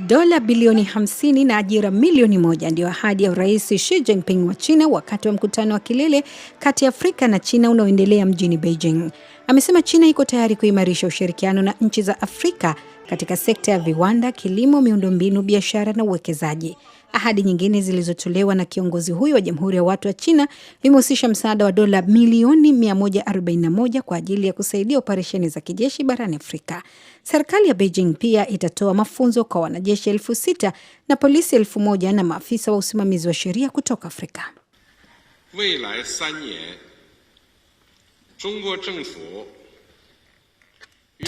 Dola bilioni 50 na ajira milioni moja ndio ahadi ya Rais Xi Jinping wa China wakati wa mkutano wa kilele kati ya Afrika na China unaoendelea mjini Beijing. Amesema China iko tayari kuimarisha ushirikiano na nchi za Afrika katika sekta ya viwanda, kilimo, miundombinu, biashara na uwekezaji. Ahadi nyingine zilizotolewa na kiongozi huyo wa Jamhuri ya Watu wa China vimehusisha msaada wa dola milioni 141 kwa ajili ya kusaidia operesheni za kijeshi barani Afrika. Serikali ya Beijing pia itatoa mafunzo kwa wanajeshi elfu sita na polisi elfu moja na maafisa wa usimamizi wa sheria kutoka Afrika.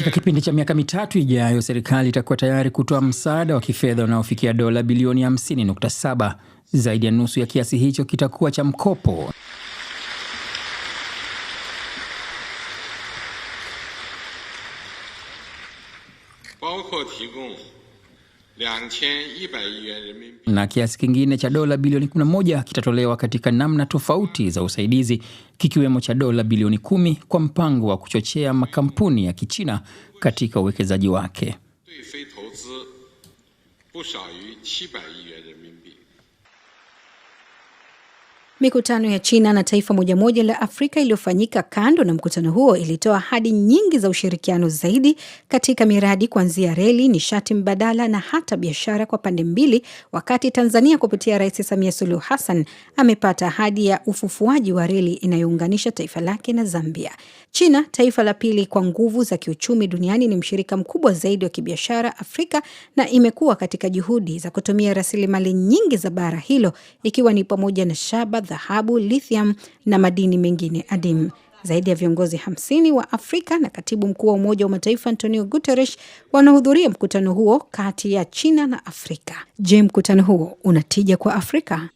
Katika kipindi cha miaka mitatu ijayo, serikali itakuwa tayari kutoa msaada wa kifedha unaofikia dola bilioni 50.7. Zaidi ya nusu ya kiasi hicho kitakuwa cha mkopo na kiasi kingine cha dola bilioni 11 kitatolewa katika namna tofauti za usaidizi kikiwemo cha dola bilioni 10 kwa mpango wa kuchochea makampuni ya Kichina katika uwekezaji wake. Mikutano ya China na taifa moja moja la Afrika iliyofanyika kando na mkutano huo ilitoa ahadi nyingi za ushirikiano zaidi katika miradi kuanzia reli, nishati mbadala na hata biashara kwa pande mbili, wakati Tanzania kupitia Rais Samia Suluhu Hassan amepata ahadi ya ufufuaji wa reli inayounganisha taifa lake na Zambia. China, taifa la pili kwa nguvu za kiuchumi duniani, ni mshirika mkubwa zaidi wa kibiashara Afrika na imekuwa katika juhudi za kutumia rasilimali nyingi za bara hilo ikiwa ni pamoja na shaba dhahabu, lithium na madini mengine adimu. Zaidi ya viongozi hamsini wa Afrika na katibu mkuu wa Umoja wa Mataifa Antonio Guterres wanahudhuria mkutano huo kati ya China na Afrika. Je, mkutano huo unatija kwa Afrika?